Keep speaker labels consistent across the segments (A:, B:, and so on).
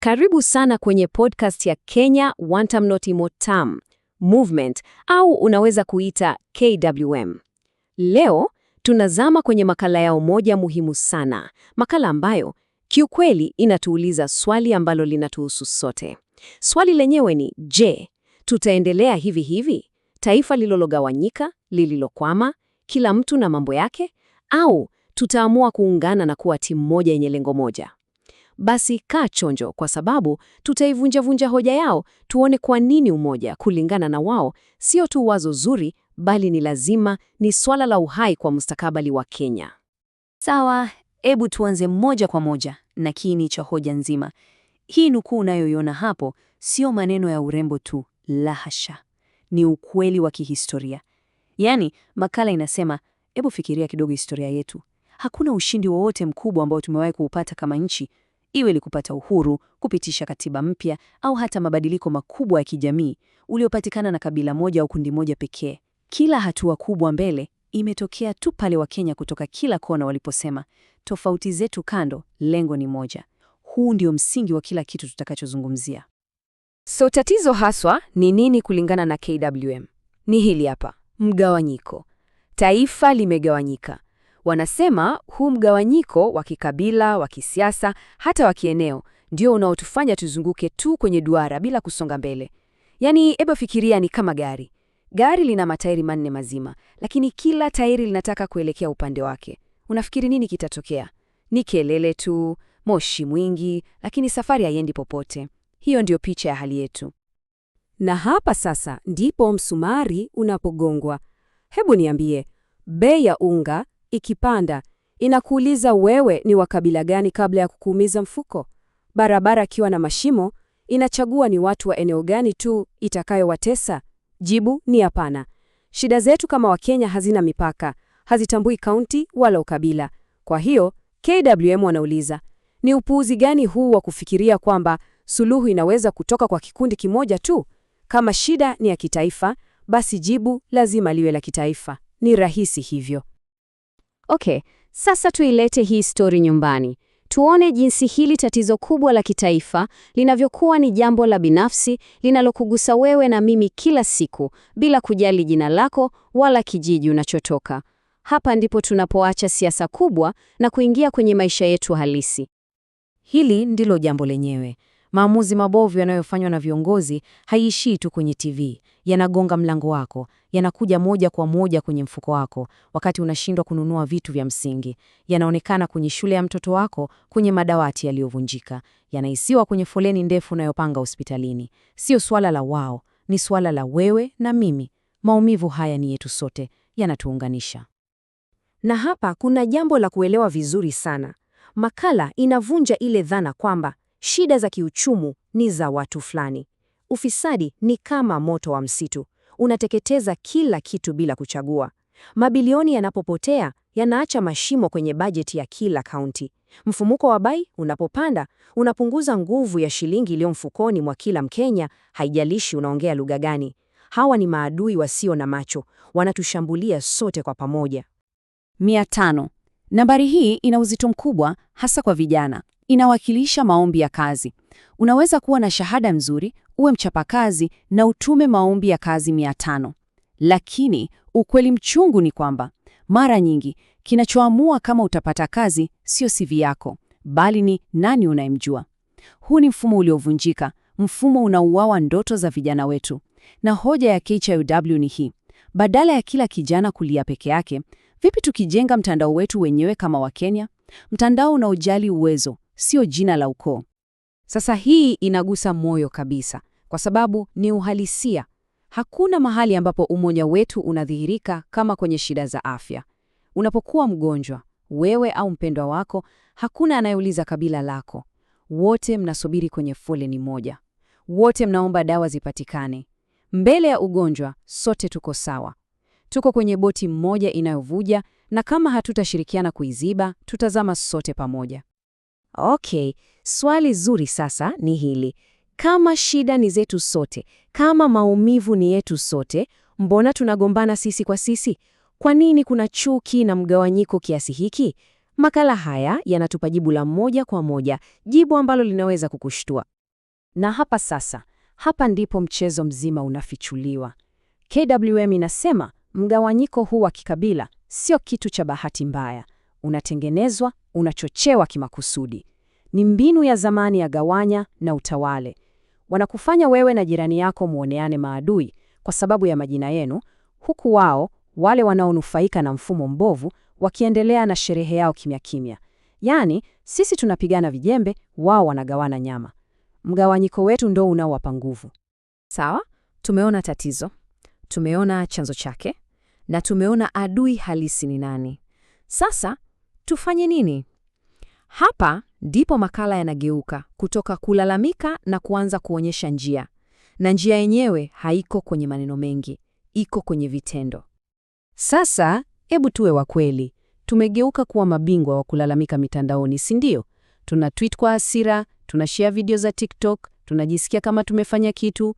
A: Karibu sana kwenye podcast ya Kenya Wantamnotam Motam Movement au unaweza kuita KWM. Leo tunazama kwenye makala yao moja muhimu sana, makala ambayo kiukweli inatuuliza swali ambalo linatuhusu sote. Swali lenyewe ni je, tutaendelea hivi hivi, taifa lililogawanyika, lililokwama, kila mtu na mambo yake, au tutaamua kuungana na kuwa timu moja yenye lengo moja? basi kaa chonjo, kwa sababu tutaivunjavunja hoja yao, tuone kwa nini umoja kulingana na wao sio tu wazo zuri, bali ni lazima, ni swala la uhai kwa mustakabali wa Kenya.
B: Sawa, hebu tuanze moja kwa moja na kiini cha hoja nzima. Hii nukuu unayoiona hapo sio maneno ya urembo tu, la hasha, ni ukweli wa kihistoria. Yaani, makala inasema, hebu fikiria kidogo historia yetu. Hakuna ushindi wowote mkubwa ambao tumewahi kuupata kama nchi iwe ni kupata uhuru, kupitisha katiba mpya au hata mabadiliko makubwa ya kijamii uliopatikana na kabila moja au kundi moja pekee. Kila hatua kubwa mbele imetokea tu pale Wakenya kutoka kila kona waliposema, tofauti zetu kando, lengo ni moja. Huu ndio msingi wa kila kitu tutakachozungumzia.
A: So tatizo haswa ni nini kulingana na KWM? Ni hili hapa, mgawanyiko. Taifa limegawanyika. Wanasema huu mgawanyiko wa kikabila, wa kisiasa, hata wa kieneo ndio unaotufanya tuzunguke tu kwenye duara bila kusonga mbele. Yaani, hebu fikiria, ni kama gari. Gari lina matairi manne mazima, lakini kila tairi linataka kuelekea upande wake. Unafikiri nini kitatokea? Ni kelele tu, moshi mwingi, lakini safari haiendi popote. Hiyo ndio picha ya hali yetu. Na hapa sasa ndipo msumari unapogongwa. Hebu niambie, bei ya unga ikipanda inakuuliza wewe ni wa kabila gani kabla ya kukuumiza mfuko. Barabara akiwa na mashimo inachagua ni watu wa eneo gani tu itakayowatesa. Jibu ni hapana. Shida zetu kama Wakenya hazina mipaka, hazitambui kaunti wala ukabila. Kwa hiyo KWM wanauliza ni upuuzi gani huu wa kufikiria kwamba suluhu inaweza kutoka kwa kikundi kimoja tu? Kama shida ni ya kitaifa, basi jibu lazima liwe la kitaifa. Ni rahisi hivyo.
B: Okay, sasa tuilete hii stori nyumbani. Tuone jinsi hili tatizo kubwa la kitaifa linavyokuwa ni jambo la binafsi linalokugusa wewe na mimi kila siku bila kujali jina lako wala kijiji unachotoka. Hapa ndipo tunapoacha siasa kubwa na kuingia kwenye maisha yetu halisi. Hili ndilo jambo lenyewe. Maamuzi mabovu yanayofanywa na viongozi haiishii tu kwenye TV, yanagonga mlango wako, yanakuja moja kwa moja kwenye mfuko wako wakati unashindwa kununua vitu vya msingi. Yanaonekana kwenye shule ya mtoto wako, kwenye madawati yaliyovunjika, yanahisiwa kwenye foleni ndefu unayopanga hospitalini. Sio swala la wao, ni swala la wewe na mimi. Maumivu haya ni yetu sote, yanatuunganisha.
A: Na hapa kuna jambo la kuelewa vizuri sana. Makala inavunja ile dhana kwamba Shida za kiuchumi ni za watu fulani. Ufisadi ni kama moto wa msitu, unateketeza kila kitu bila kuchagua. Mabilioni yanapopotea yanaacha mashimo kwenye bajeti ya kila kaunti. Mfumuko wa bei unapopanda unapunguza nguvu ya shilingi iliyo mfukoni mwa kila Mkenya, haijalishi unaongea lugha gani. Hawa ni maadui wasio na macho, wanatushambulia sote kwa pamoja.
B: Mia tano. Nambari hii ina uzito mkubwa hasa kwa vijana. Inawakilisha maombi ya kazi. Unaweza kuwa na shahada mzuri, uwe mchapakazi na utume maombi ya kazi mia tano. Lakini ukweli mchungu ni kwamba mara nyingi kinachoamua kama utapata kazi sio CV yako, bali ni nani unayemjua. Huu ni mfumo uliovunjika, mfumo unauawa ndoto za vijana wetu. Na hoja ya KHIW ni hii: badala ya kila kijana kulia peke yake, Vipi tukijenga mtandao wetu wenyewe kama Wakenya, mtandao unaojali uwezo, sio jina la ukoo?
A: Sasa hii inagusa moyo kabisa, kwa sababu ni uhalisia. Hakuna mahali ambapo umoja wetu unadhihirika kama kwenye shida za afya. Unapokuwa mgonjwa, wewe au mpendwa wako, hakuna anayeuliza kabila lako. Wote mnasubiri kwenye foleni moja, wote mnaomba dawa zipatikane. Mbele ya ugonjwa, sote tuko sawa. Tuko kwenye boti mmoja inayovuja na kama hatutashirikiana kuiziba, tutazama sote pamoja.
B: Okay, swali zuri sasa ni hili. Kama shida ni zetu sote, kama maumivu ni yetu sote, mbona tunagombana sisi kwa sisi? Kwa nini kuna chuki na mgawanyiko kiasi hiki? Makala haya yanatupa jibu la moja kwa moja, jibu ambalo linaweza kukushtua.
A: Na hapa sasa, hapa ndipo mchezo mzima unafichuliwa. KWM inasema Mgawanyiko huu wa kikabila sio kitu cha bahati mbaya, unatengenezwa, unachochewa kimakusudi. Ni mbinu ya zamani ya gawanya na utawale. Wanakufanya wewe na jirani yako muoneane maadui kwa sababu ya majina yenu, huku wao wale wanaonufaika na mfumo mbovu wakiendelea na sherehe yao kimya kimya. Yaani, sisi tunapigana vijembe, wao wanagawana nyama. Mgawanyiko wetu ndo unaowapa nguvu. Sawa, tumeona tatizo tumeona chanzo chake na tumeona adui halisi ni nani. Sasa tufanye nini? Hapa ndipo makala yanageuka kutoka kulalamika na kuanza kuonyesha njia, na njia yenyewe haiko kwenye maneno mengi, iko kwenye vitendo.
B: Sasa hebu tuwe wa kweli, tumegeuka kuwa mabingwa wa kulalamika mitandaoni, si ndio? Tuna tweet kwa hasira, tunashare video za TikTok, tunajisikia kama tumefanya kitu,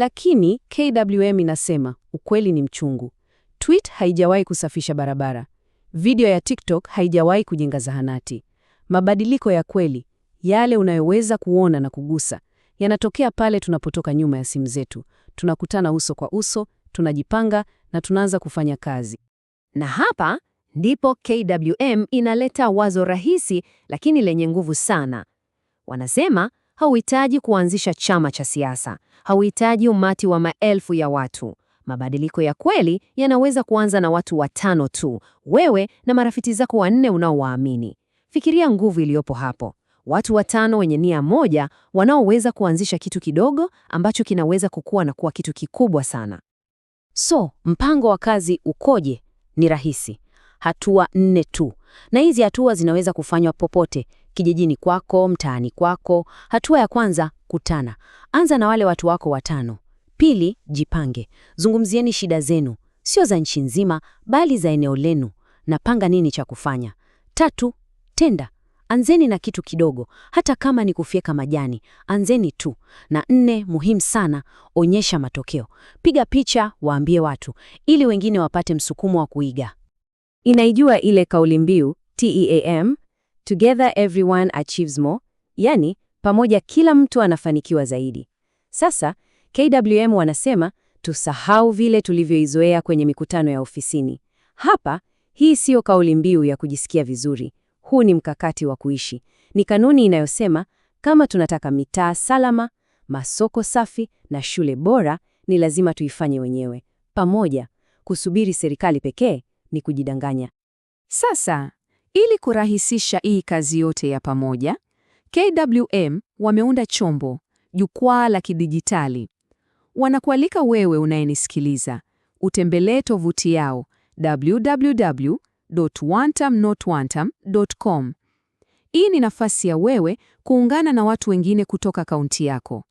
B: lakini KWM inasema ukweli ni mchungu. Tweet haijawahi kusafisha barabara, video ya TikTok haijawahi kujenga zahanati. Mabadiliko ya kweli, yale unayoweza kuona na kugusa, yanatokea pale tunapotoka nyuma ya simu zetu, tunakutana uso kwa uso, tunajipanga na tunaanza kufanya kazi.
A: Na hapa ndipo KWM inaleta wazo rahisi lakini lenye nguvu sana. Wanasema hauhitaji kuanzisha chama cha siasa, hauhitaji umati wa maelfu ya watu. Mabadiliko ya kweli yanaweza kuanza na watu watano tu, wewe na marafiki zako wanne unaowaamini. Fikiria nguvu iliyopo hapo, watu watano wenye nia moja wanaoweza kuanzisha kitu kidogo ambacho kinaweza kukua na kuwa kitu kikubwa sana.
B: So mpango wa kazi ukoje? Ni rahisi hatua nne tu, na hizi hatua zinaweza kufanywa popote, kijijini kwako, mtaani kwako. Hatua ya kwanza, kutana. Anza na wale watu wako watano. Pili, jipange. Zungumzieni shida zenu, sio za nchi nzima, bali za eneo lenu, na panga nini cha kufanya. Tatu, tenda. Anzeni na kitu kidogo, hata kama ni kufyeka majani, anzeni tu. Na nne, muhimu sana, onyesha matokeo. Piga picha, waambie watu, ili wengine wapate msukumo wa kuiga.
A: Inaijua ile kauli mbiu TEAM, together everyone achieves more, yani pamoja kila mtu anafanikiwa zaidi. Sasa KWM wanasema tusahau vile tulivyoizoea kwenye mikutano ya ofisini. Hapa hii siyo kauli mbiu ya kujisikia vizuri. Huu ni mkakati wa kuishi, ni kanuni inayosema kama tunataka mitaa salama, masoko safi na shule bora, ni lazima tuifanye wenyewe pamoja. Kusubiri serikali pekee ni kujidanganya.
B: Sasa, ili kurahisisha hii kazi yote ya pamoja, KWM wameunda chombo, jukwaa la kidijitali. Wanakualika wewe unayenisikiliza utembelee tovuti yao www.wantamnotwantam.com. Hii ni nafasi ya wewe kuungana na watu wengine kutoka kaunti yako.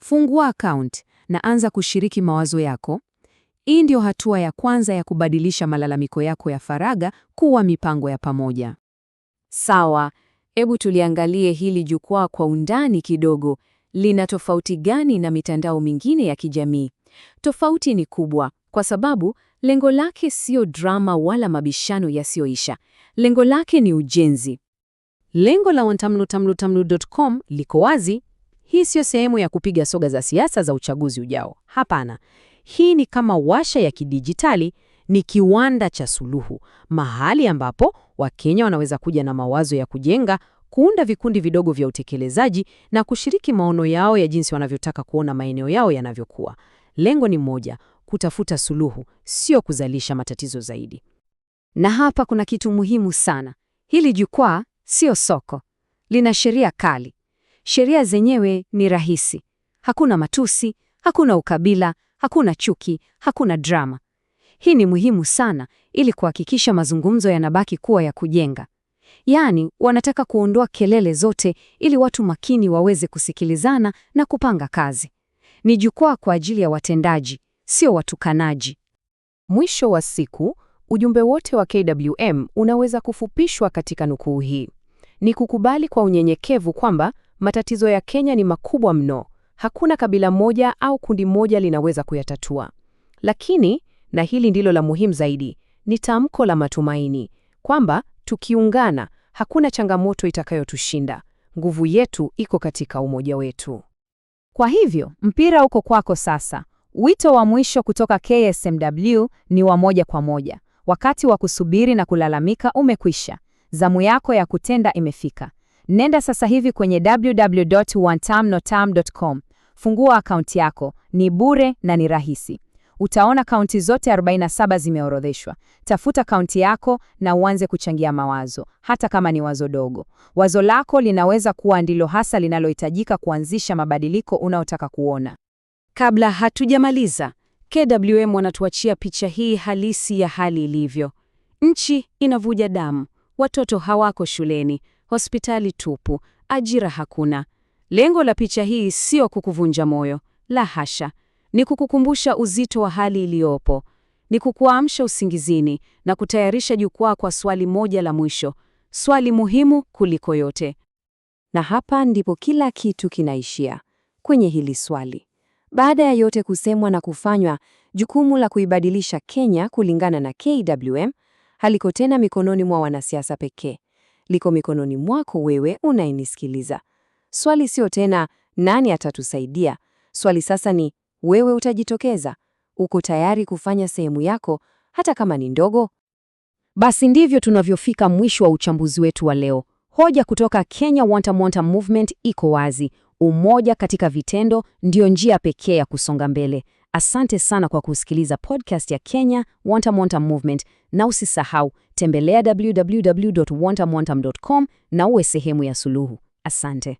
B: Fungua akaunti na anza kushiriki mawazo yako, hii ndiyo hatua ya kwanza ya kubadilisha malalamiko yako ya faraga kuwa mipango ya pamoja.
A: Sawa, hebu tuliangalie hili jukwaa kwa undani kidogo. Lina tofauti gani na mitandao mingine ya kijamii? Tofauti ni kubwa kwa sababu lengo lake sio drama wala mabishano yasiyoisha. Lengo lake ni ujenzi. Lengo la wantamlutamlutamlu.com liko wazi. Hii siyo sehemu ya kupiga soga za siasa za uchaguzi ujao. Hapana. Hii ni kama washa ya kidijitali, ni kiwanda cha suluhu, mahali ambapo Wakenya wanaweza kuja na mawazo ya kujenga, kuunda vikundi vidogo vya utekelezaji na kushiriki maono yao ya jinsi wanavyotaka kuona maeneo yao yanavyokuwa. Lengo ni moja, kutafuta suluhu, sio kuzalisha matatizo zaidi.
B: Na hapa kuna kitu muhimu sana. Hili jukwaa sio soko, lina sheria kali. Sheria zenyewe ni rahisi, hakuna matusi, hakuna ukabila, hakuna chuki, hakuna drama. Hii ni muhimu sana ili kuhakikisha mazungumzo yanabaki kuwa ya kujenga. Yaani, wanataka kuondoa kelele zote ili watu makini waweze kusikilizana na kupanga kazi. Ni jukwaa kwa ajili ya watendaji, sio watukanaji.
A: Mwisho wa siku, ujumbe wote wa KWM unaweza kufupishwa katika nukuu hii. Ni kukubali kwa unyenyekevu kwamba matatizo ya Kenya ni makubwa mno hakuna kabila moja au kundi moja linaweza kuyatatua. Lakini, na hili ndilo la muhimu zaidi, ni tamko la matumaini kwamba tukiungana, hakuna changamoto itakayotushinda. Nguvu yetu iko katika umoja wetu.
B: Kwa hivyo, mpira uko kwako sasa. Wito wa mwisho kutoka KSMW ni wa moja kwa moja. Wakati wa kusubiri na kulalamika umekwisha. Zamu yako ya kutenda imefika. Nenda sasa hivi kwenye www.wantamnotam.com. fungua akaunti yako, ni bure na ni rahisi. Utaona kaunti zote 47 zimeorodheshwa. Tafuta kaunti yako na uanze kuchangia mawazo, hata kama ni wazo dogo. Wazo lako linaweza kuwa ndilo hasa linalohitajika kuanzisha mabadiliko unaotaka kuona.
A: Kabla hatujamaliza, KWM wanatuachia picha hii halisi ya hali ilivyo. Nchi inavuja damu, watoto hawako shuleni, hospitali tupu, ajira hakuna. Lengo la picha hii sio kukuvunja moyo, la hasha. Ni kukukumbusha uzito wa hali iliyopo, ni kukuamsha usingizini na kutayarisha jukwaa kwa swali moja la mwisho, swali muhimu kuliko yote. Na hapa ndipo kila kitu kinaishia, kwenye hili swali. Baada ya yote kusemwa na kufanywa, jukumu la kuibadilisha Kenya kulingana na KWM haliko tena mikononi mwa wanasiasa pekee, liko mikononi mwako wewe unayenisikiliza. Swali sio tena nani atatusaidia? Swali sasa ni wewe utajitokeza? Uko tayari kufanya sehemu yako hata kama ni ndogo?
B: Basi ndivyo tunavyofika mwisho wa uchambuzi wetu wa leo. Hoja kutoka Kenya Mwanta Movement iko wazi. Umoja katika vitendo ndio njia pekee ya kusonga mbele. Asante sana kwa kusikiliza podcast ya Kenya Wantamwantam Movement, na usisahau tembelea www.wantamwantam.com na uwe sehemu ya suluhu. Asante.